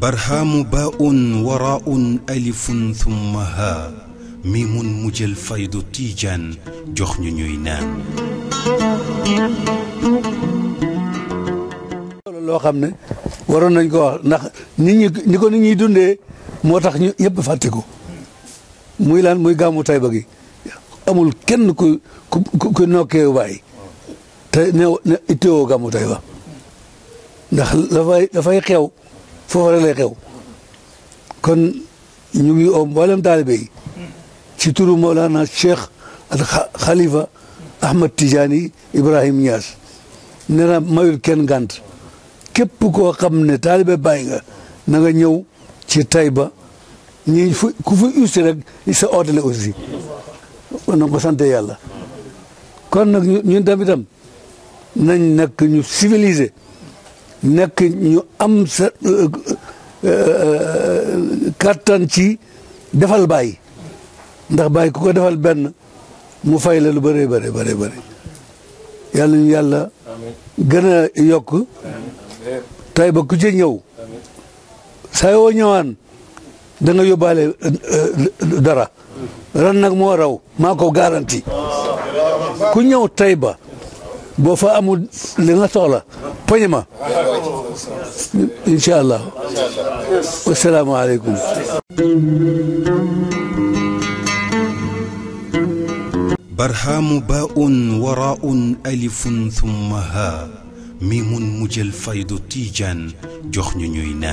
barhaamu baa'un waraa'un alifun thumma haa miimun mu faydu tiijaan jox ñu ñuy naan. loolu loo xam ne waroon nañ ko wax ndax ni ko nit ñuy dundee moo tax ñu yëpp fàtte ko muy lan muy gàmmu Tayba gi amul kenn ku nokkee waay te new ne itteewoo gàmmu tey ba ndax dafay dafay xew foofa lay xew kon ñu ngi oo mboolem taalibe yi ci turu Mawlana Cheikh al Khalifa Ahmad Tidiane Ibrahim Niass nee mayul kenn gànt képp koo xam ne taalibe bàyyi nga na nga ñëw ci tayba ñi fu ku fu ussi rek sa ootale aussi na ko sante yàlla kon nag ñun tamitam nañ nekk ñu civilisé nekk ñu am sa euh, euh, euh, kattan ci defal baay ndax baay ku ko defal benn mu fay la lu bëree bëri bëri bëri yàlla ñu yàlla gën a yokk tay ku ci ñëw saa yoo ñëwaan da nga dara ran nag moo raw maa ko garanti ku ñëw tay boo fa amul li nga soxla poñ ma incha allah wasalaamaaleykum. barhaamu baa'un waraa'un alifun thumma haa miimun mujjal faydu tiijaan jox ñu ñuy